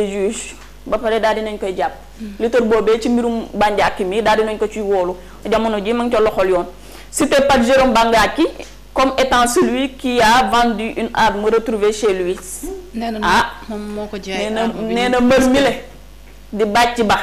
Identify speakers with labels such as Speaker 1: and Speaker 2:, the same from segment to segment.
Speaker 1: juge ba pare daal dinañ koy jàpp mm-hmm. litre boobee ci mbirum Bandiaki mi daal dinañ ko ciy wóolu jamono ji ma ngi ca loxol yoon te par Jérôme Bandiaki comme étant celui qui a vendu une arme retrouvée chez lui ah
Speaker 2: nee na ah. nee
Speaker 1: mi le di bàcc ba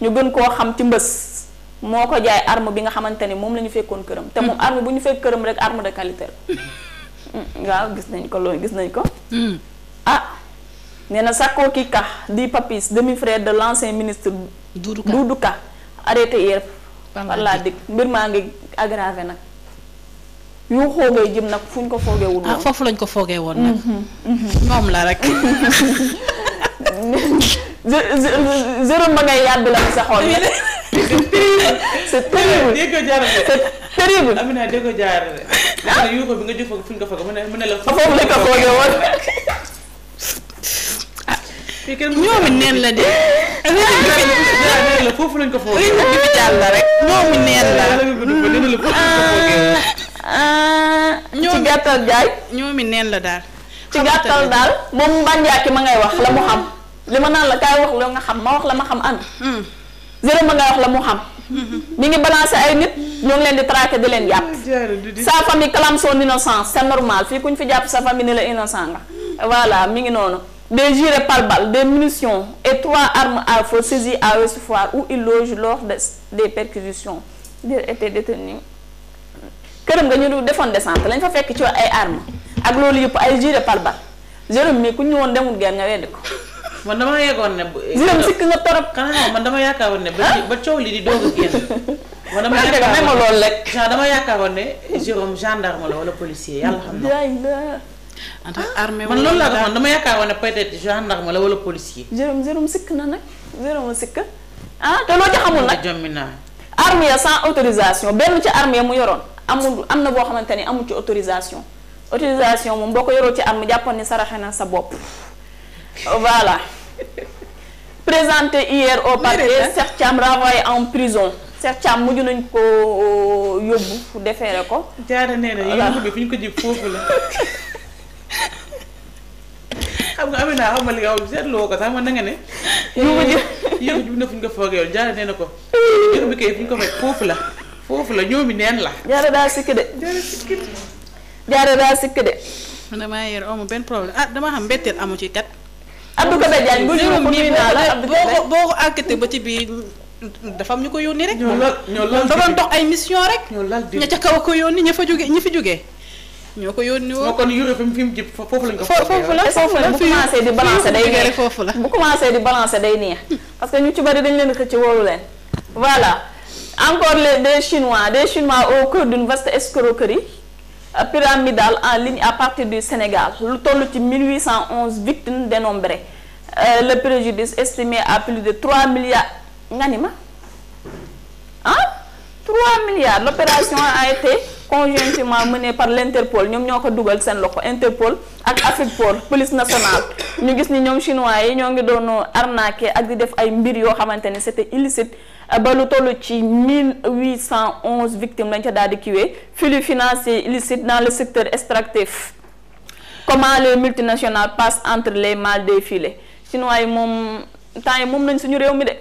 Speaker 1: ñu gën koo xam ci mbës moo ko jaay arme bi nga xamante ni moom la ñu fekkoon këram te moom mm-hmm. arme bu ñu fekk këram rek arme de qualité mm-hmm. waaw gis nañ ko loolu gis nañ ko nee na Sakoki Ka di Papis demi-frère de l'ancien ministre Doudou Ka Doudou Ka arrêté hier mbir maa ngi aggravé nag yoo xoogee jëm nag fu ñu ko foogee wul ah lañ ko foogee woon nag ñoom mhm, mhm. la rek
Speaker 2: jérôme ngay yàbbi la mi sa xol c'est terrible c'est terrible Amina dégg ah. nga jaarale yu nga fu ñu ko foogee mu ne la foogee woon ñoomu neen la de. neen la foofu lañ ko foogee. la rek. ñoomu neen la. Ah, ah, ah, ci gàttal jaay. ñoomi neen la daal. ci gàttal daal moom Mbanjaaki ma ngay wax la mu xam. Mm-hmm. li
Speaker 1: ma naan la kaay wax la nga xam ma wax la ma xam ànd. Mm-hmm.
Speaker 2: zéro ma ngay wax la mu xam. Mm-hmm.
Speaker 1: mi ngi balancé ay nit ñoo ngi leen di traqué di leen yàpp
Speaker 2: sa famille clame
Speaker 1: son innocence c'est normal fii ku ñu fi jàpp sa famille ni la innocent nga voilà mi ngi noonu. des gilets pare-balles, des munitions et trois armes à feu saisies à il loge lors des perquisitions. Il était détenu. këram nga ñu defoon descente lañ fa fekk ci ay arm ak loolu yëpp ay gilets pare-balles Jérôme mii ku ñu woon demul guerre nga weddi ko.
Speaker 2: man dama yegoon ne. Jérôme sikk nga torop. xanaa man dama yaakaaroon ne. ba coow li di doog a génn. man dama yaakaaroon ne loolu rek. dama yaakaaroon ne Jérôme gendarme la wala policier yàlla xam na. en tant ah. armée man loolu laa waxoon dama yaakaar woon ne peut-être gendarme la wala policier. jërëm
Speaker 1: jërëm sikk na nag jërëm sikk ah te loo ci xamul nag jommi naa. armée sans autorisation benn ci armée mu yoroon amul am na boo xamante ni amul ci autorisation autorisation moom boo ko yoroo ci armée jàppoon ni saraxe na sa bopp voilà. présenté hier au parquet Cheikh Thiam renvoyé en prison Cheikh Thiam mujj
Speaker 2: nañ ko euh, yóbbu defeere ko. jaara nee na yóbbu bi fi ñu ko jib foofu la. xam nga Amina xam ma li nga xam seetloo ko sax man eh, na nga ne. yow ma jël yow jub na fu ñu ko foogee woon ko. jur bi ñu ko foofu la foofu la ñoomi la. jaara daa sikk de. jaara sikk de. jaara daa sikk de. man damaa yor amu dama xam mbetteel amu ci kat. Abdou Kaba Diagne bu ñu nii boo ko boo ko àggate ba ci biir am ñu ko yónni rek. ñoo lal ñoo lal dox ay mission rek. ñoo lal ña ca kaw a ko yónni fa jógee ña fi jógee. ñoo ko yónni woo kon Europe fi mu jëm foofu lañ ko. foofu la foofu la bu commencé di balancer day
Speaker 1: neex foofu que ñu ci bari dañ leen xëcc woowu leen voilà encore les des chinois des chinois au cœur d'une vaste escroquerie pyramidale en ligne à partir du Sénégal lu toll ci 1811 victimes dénombrées euh, le préjudice estimé à plus de 3 milliards nga ni ma ah. 3 milliards l'opération a été conjointement menée par l'Interpol ñoom ñoo ko dugal seen loxo Interpol ak Afripol police nationale ñu gis ni ñoom chinois yi ñoo ngi doon arnaqué ak di def ay mbir yoo xamante ne c'était illicite ba lu toll ci 1811 victimes lañ ca daal di kiiwee flux financier illicite dans le secteur extractif comment les multinationales passent entre les mailles des filets chinois yi moom temps yi moom nañ suñu réew mi de.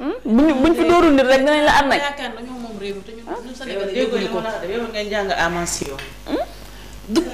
Speaker 1: mu buñ fi dóorul nit rek dinañ la arnañ.
Speaker 2: nañ nañu moom réew mi te ñun ah. Sénégal dégguñu ko yow ngay jàng amansion. Hmm?
Speaker 1: dugg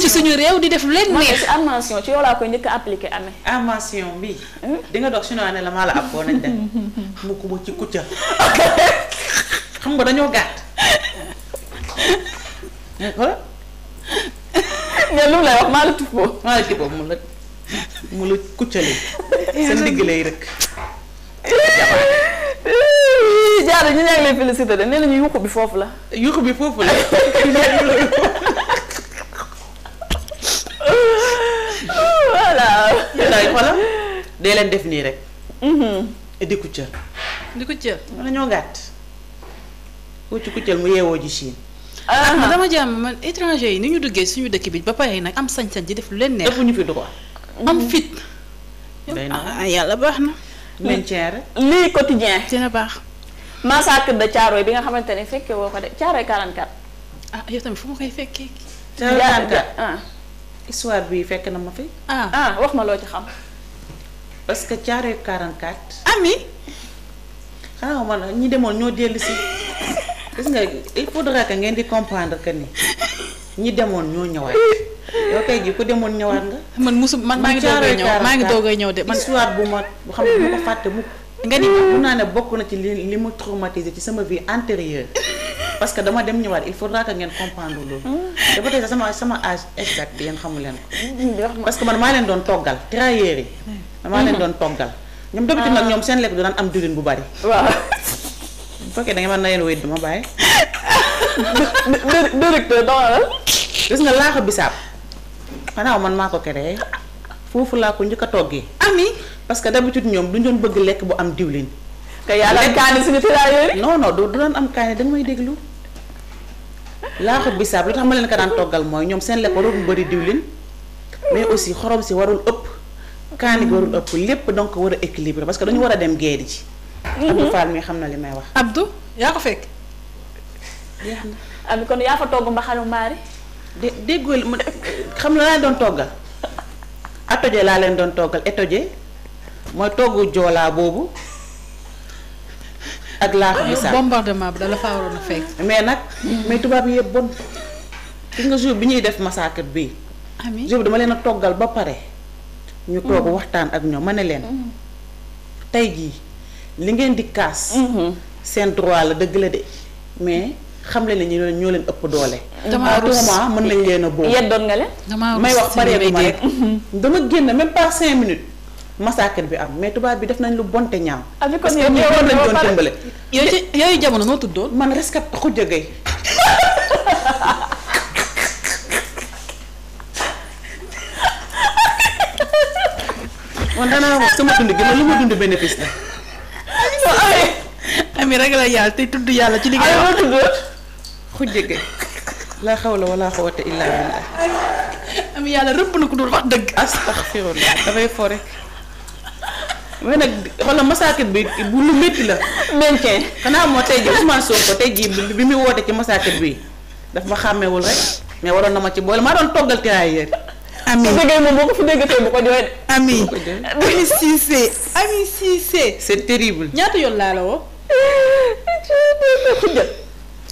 Speaker 1: ci suñu réew di def leen neex. amansion ci yow laa koy njëkk a appliqué amee. amansion
Speaker 2: bi. Hmm? di nga dox suñu année la maa la ab boo nañ dem. mu ko ba ci kucca. xam nga dañoo gàtt. Eh, mais lu mu lay wax maa la tuffoo. maa la tuffoo mu la mu la kuccali. sa ndigg lay rek. de ñu ñaa ngi lay félicité de nee nañu yuuxu bi foofu la. yuuxu bi foofu la. voilà. yéen leen def nii rek. Mm-hmm. di kuccal. di kuccal. wala ñoo gàtt. ku ci kuccal mu yeewoo ji Chine. Ah, ah dama jàmm man étranger yi ni ñu duggee suñu dëkk bi ba pare nag am sañ-sañ ji def lu leen neex. ëpp ñu fi mm-hmm. am fit. Ah, yàlla baax na. lii quotidien dina baax. massacre
Speaker 1: de Thiaroye bi nga xamante ne fekkee woo ko de Thiaroye 44. ah yow tamit fu ma koy fekkee. Thiaroye 44
Speaker 2: ah. histoire bi fekk na ma fi. ah ah wax ma loo ci xam. parce que Thiaroye 44. ami. xanaa man ñi demoon ñoo dellu si. gis nga il faudra que ngeen di comprendre que ni ñi demoon ñoo ñëwaat. yow kay ji demoon ñëwaat nga. man musu man maa ngi doog ay ñëw de man histoire bu ma xam ne bu ma ko fàtte mukk nga ni mun naa ne bokk na ci li li mu traumatisé ci sama vie antérieure parce que dama dem ñëwaat il faudra que ngeen comprendre loolu. te ba tey sax sama sama âge exact yéen xamu leen ko. parce que man maa leen doon toggal trahir yi. maa leen doon toggal. ñoom d'habitude nag ñoom seen lekk du daan am diwlin bu bari. waaw bu fekkee da nga mën na leen wéy dama bàyyi. directeur dama la. gis nga laax a bisaab xanaa man maa ko créé. foofu laa ko njëkk a toggee. ami parce que d'habitude ñoom du ñu doon bëgg lekk bu am diwlin.
Speaker 1: te yàlla am kaani suñu tiraayoo
Speaker 2: non non du doon am kaani da nga may déglu laaxu bisaab lu tax ma leen ko daan toggal mooy ñoom seen lekk warul bëri diwlin mais aussi xorom si warul ëpp. kaani bi warul ëpp lépp donc war a équilibré parce que dañu war a dem géej ji. Mhm. Abdou Fall xam na li may wax. Abdou
Speaker 1: yaa ko fekk. jeex na kon yaa fa togg mbaxalu maari. dé
Speaker 2: déggoo xam la laa doon toggal. attoje laa leen doon toggal étoje mooy toggu joolaa boobu ak laax bi sax bombardement dala faa waroon a mais nag mais tubaab yi yëpp bon gis nga jour bi ñuy def massacre bi jour bi dama leen a toggal ba pare ñu toog mm. waxtaan ak ñoom ma ne leen mm. tey gii li ngeen di kaas mm-hmm. seen droit la dëgg la de mais xam leen ne ñu ñoo leen ëpp doole. damaa ah, ruus à mën leen a boobu. yeddoon nga may wax paree ma rek. dama génn même pas cinq bi am mais tubaab bi def nañ lu bonte ñaaw. avec ah, kon yow yow lañ doon jamono noo tuddoon. man rescapé Khoudia Gueye. man danaa wax sama dund gi man li dund bénéfice la. ami ragal yàlla te tudd yàlla ci liggéeyam. xujje gay laa xawla wala xawata illa billah am yàlla rëbb na ko dul wax dëgg astaxfirullah dafay fore mais nag xoolal massacre bi bu lu métti la mencen xanaa moo tey ji Ousmane Sonko tey ji bi muy woote ci massacre bi daf ma xàmmewul rek mais waroon na ma ci boole maa doon toggal tirailleurs Ami Sege moom boo ko fi déggatee bu ko jooy de. Ami Ami Cissé Ami Cissé. c'est terrible. ñaata yoon laa la woo.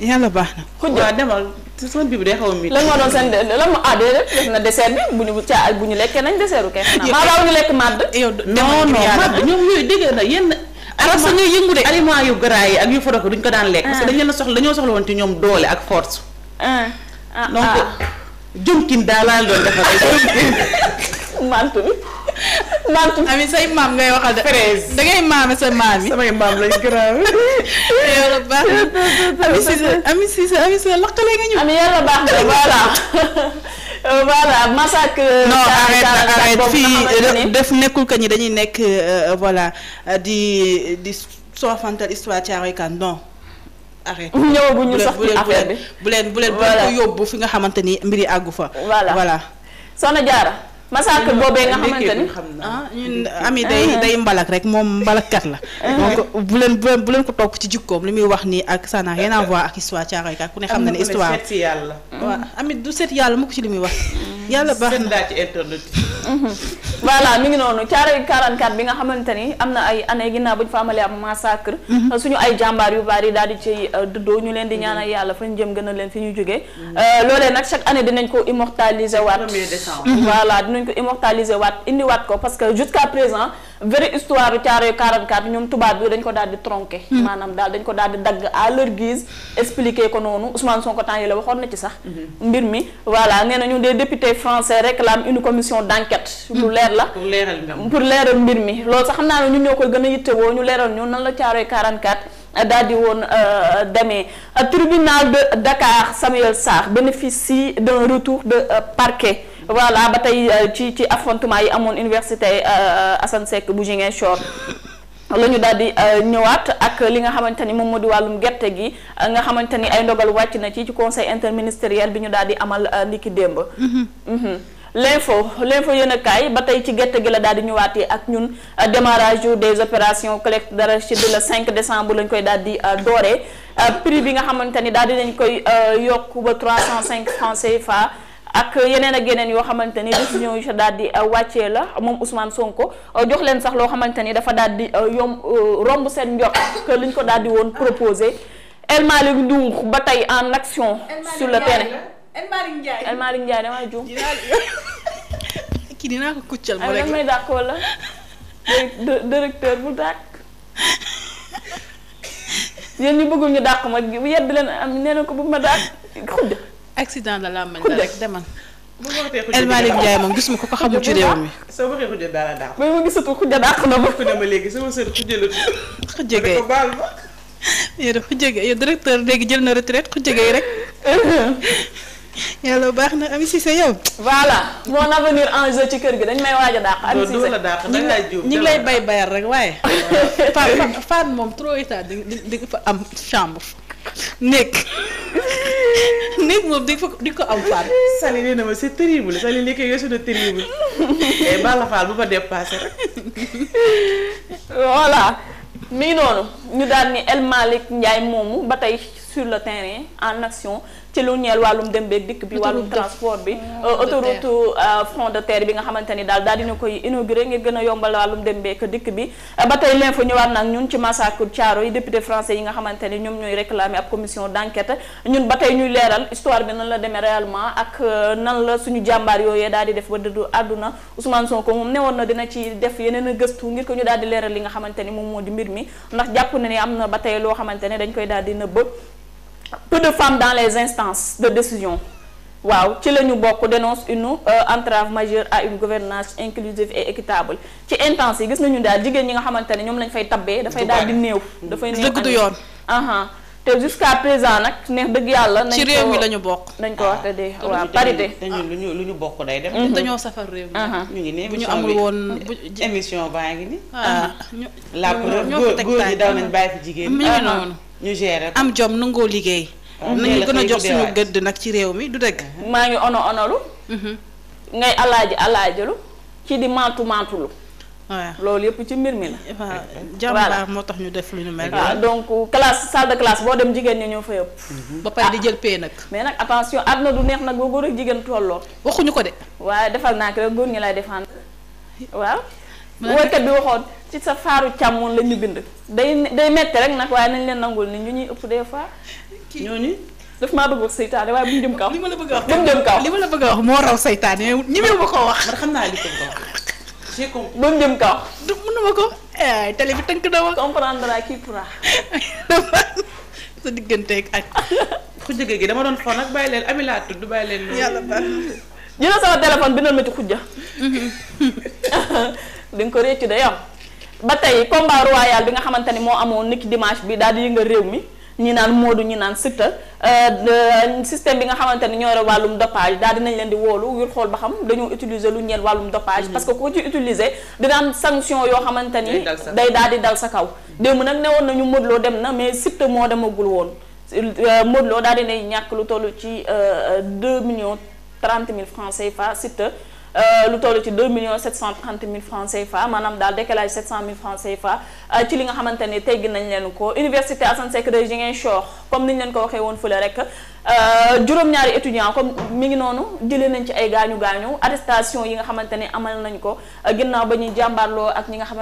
Speaker 2: yàlla baax na. xujja demal sama bibi day xaw a miin. lan moo doon seen lan moo ah déedéet
Speaker 1: def na dessert bi bu ñu caa bu ñu lekkee nañ dessertu kay. xanaa maa baaw ñu lekk màdd. yow non non màdd
Speaker 2: ñoom yooyu dégg na yenn. aliment parce que ñuy yëngu de. aliment yu gras yi ak yu forok duñ ko daan lekk. parce que ah. dañ leen a soxla dañoo soxla woon ci ñoom doole ak force. ah ah donc ah. jumkin daal laa doon defal ay jumkin. bi. maam ami say maam ngay waxal de. fraise da ngay maame sa maam yi. samay maam lañ garaaw. yàlla baax na ami Cissé ami Cissé ami Cissé lakkale nga ñu. baax na
Speaker 1: voilà. fii
Speaker 2: def nekkul que ñi dañuy nekk euh, voilà di di soofantal histoire Thiaroye Kan non. arrêté ñëwaguñu sax ci affaire bi bu leen bu leen ko yóbbu fi nga xamante ni mbir yi àggu fa. voilà voilà soxna massacre boobee nga xamante ni ah ñun ami day ah. day mbalak rek moom mbalakkat la. Ah. donc bu leen bu leen ko topp ci jikkoom li muy wax nii ak ça n'a rien à voir ak histoire Thiaroye Kaw ku ne xam na ne histoire am amit du seet yàlla mu ko ci li muy wax. Mm. yàlla baax na voilà mi ngi noonu Thiaroye 44
Speaker 1: bi nga xamante ni am na ay année ginnaaw bu ñu fa amalee am massacre mhm. euh, suñu ay jàmbaar yu bari daal di ciy euh, ñu leen di ñaanal mhm. yàlla fa ñu jëm gën a leen fi ñu jógee mhm. euh, loolee nag chaque année dinañ ko immortaliser waat voilà dinañ ko immortaliser waat indiwaat ko parce que jusqu'à présent vraie histoire yu Caaroy 44 ñoom tubaab bi dañ ko daal di tronqué. Hmm. maanaam daal dañ ko daal di dagg à leur guise expliqué ko noonu Ousmane Sonko temps yi la waxoon na ci sax. Hmm. mbir mi voilà nee nañu des députés français réclament une commission d' enquête. Hmm. lu leer la pour
Speaker 2: leeral pour leeral
Speaker 1: mbir mi loolu sax xam naa ne ñun ñoo koy gën a yittewoo ñu leeral ñu nan la Caaroy 44. Euh, daal di woon euh, demee euh, tribunal de Dakar Samuel Sarr bénéficie d'un retour de parquet voilà ba tey euh, ci ci affrontement yi amoon université euh, euh, Assane Seck bu Ziguinchor la ñu daal di ñëwaat ak li nga xamante ni moom moo di wàllum gerte gi nga xamante ni ay ndogal wàcc na ci ci conseil interministériel bi ñu daal di amal ndiki démb. Mm-hmm. Mm-hmm. l'info l'info yéen a kaay ba tey ci gerte gi la daal di ñëwaatee ak ñun démarrage des opérations collecte d'arachide le cinq décembre lañ koy daal di dooree prix bi nga xamante ni daal di nañ koy yokk ba 305 francs CFA. ak yeneen ak yeneen yoo xamante ni décision yu sa daal di euh, wàccee la moom Ousmane Sonko euh, jox leen sax loo xamante ni dafa daal di euh, yom romb seen njort que liñ ko daal di woon proposé El Malick ba tey en action sur le terrain El Malick Ndiaye El Malick Ndiaye damaa juum kii dinaa ko kuccal mu rek may dàq wala directeur bu dàq yéen ñu bëggul ñu dàq ma yedd leen am ne na ko bu ma dàq accident de la mañana rek demal.
Speaker 2: bu ma waxee El Malick Ndiaye moom gis ma ko ko xamul ci réew mi. soo waxee a dara dàq.
Speaker 1: gisatu xuj a dàq na ma. ku
Speaker 2: ne ma léegi sama sër xujja la tudd. xujja gay ko baal gay yow directeur léegi jël na retraite xujja gay rek. yàlla baax na Ami
Speaker 1: Cissé yow. voilà mon avenir en jeu ci kër gi dañ may waaj a dàq. Ami Cissé loolu ñu ngi lay
Speaker 2: bay bayar rek waaye. Fane Fane moom trop état di di fa am chambre. nekk nekk moom di ko di ko am faat. Sali na ma c'est terrible Sali nekk yow c'est terrible et eh, Balla Fall bu ma dépassé rek.
Speaker 1: voilà mi ngi noonu ñu daal ni El Malick Ndiaye moomu ba tey sur le terrain en action. ci lu ñeel wàllum dem beeg dikk bi wàllum transport bi mm, euh, autoroute euh, front de terre bi nga xamante ni daal daal dina koy inauguré ngir gën a yombal wàllum dem beeg dikk bi euh, ba tey l'info ñëwaat nag ñun ci massacre Thiaro yi député français yi nga xamante ni ñoom ñooy réclamer ab commission d'enquête ñun tey ñuy leeral histoire nan la demee réellement ak nan la suñu jàmbaar yooyee daal di def ba dëddu àdduna Ousmane Sonko moom newoon na dina ci def yeneen gëstu ngir ko ñu daal di leeral li nga xamante ni moom moo di mbir mi ndax jàpp na ni am na ba tey loo xamante ne dañ koy daal di nëbb peu de femmes dans les instances de décision waaw ci la ñu bokk dénonce une euh, entrave majeure à une gouvernance inclusive et équitable ci instance yi gis nañu daal jigéen ñi nga xamante ne ñoom lañu fay tabee dafay daal di néew dafay néew dëgg du yoon aha te jusqu'à présent nag neex dëgg yàlla nañ ko ci réew mi la
Speaker 2: bokk nañ ko wax te de waaw parité lu ñu lu ñu bokk day dem mhm. dañoo safar réew mi ñu ngi ne bu ñu amul woon émission baa ngi ni ah, la preuve góor ñi daw nañ bàyyi fi jigéen ñi noonu ñu gérer am jom nangoo liggéey. Ah, nañu gën a jox suñu gëdd nag ci réew mi du dëgg. Mm-hmm. maa ngi ono onalu. Mm-hmm.
Speaker 1: ngay alaaji alaajalu ci di maatu maatulu. waaw loolu yëpp ci mbir mi la. voilà jàmbaar
Speaker 2: moo tax ñu def lu ñu mel. waaw
Speaker 1: donc classe salle de classe boo dem jigéen ñi ñëw fa yëpp. Mm-hmm. ba pare di ah. jël pay nag. mais nag attention na du neex nag boo góor ak jigéen tolloo. waxuñu ko de. waaye defal naa ko rek góor ñi lay défendre waaw. woykat bi waxoon ci sa faaru càmmoon la ñu bind day day metti rek nag waaye nañ leen nangul ni ñu ñuy ëpp des fois
Speaker 2: ñooñu daf maa bëgg wax saytaane waaye bu ñu jëm kaw ma la bëgg a wax bu ñu jëm kaw li a wax moo raw saytaane ñemewu ma ko wax man xam naa li ko wax j'ai compris ba mu jëm kaw
Speaker 1: ko eh, télé bi tënk na ma comprendre la qui pourra
Speaker 2: sa diggante ak xujja gi dama doon xool nag bàyyi leen ami laa tudd bàyyi leen yàlla baax jëlal sama téléphone bindal ma ci xujja da nga ko réccu day am
Speaker 1: ba tey combat royal bi nga xamante ni moo amoon niki dimanche bi daal di yëngal réew mi ñi naan Modou ñi naan Siteu euh, système bi nga xamante ni ñoore wàllum dopage daal dinañ leen di woolu ngir xool ba xam dañoo utiliser lu ñeel wàllum dopage mm-hmm. parce que ko ci utiliser dina am sanction yoo xamante ni day daal di dal sa kaw démb nag ne woon nañu Modou Lo dem na mais Siteu moo demagul woon
Speaker 2: euh, Modou Lo daal
Speaker 1: dinay ñàkk lu toll ci euh, deux millions 30 mille francs CFA Siteu Euh, lu toll ci 2 millions 730 mille francs CFA daal décalage 700 mille francs CFA euh, ci li nga xamante teggi nañ leen ko université Assane Seck de Ziguinchor comme ni leen ko waxee fële rek euh, juróom-ñaari étudiants comme mi ngi noonu jëlee nañ ci ay gaañu gaañu arrestation yi nga xamante amal nañ ko ginnaaw ba ñuy jàmbaarloo ak ñi nga xamante